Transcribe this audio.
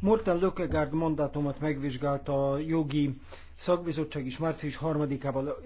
Morten Lökegárd mandátumot megvizsgálta a jogi szakbizottság is március harmadikával.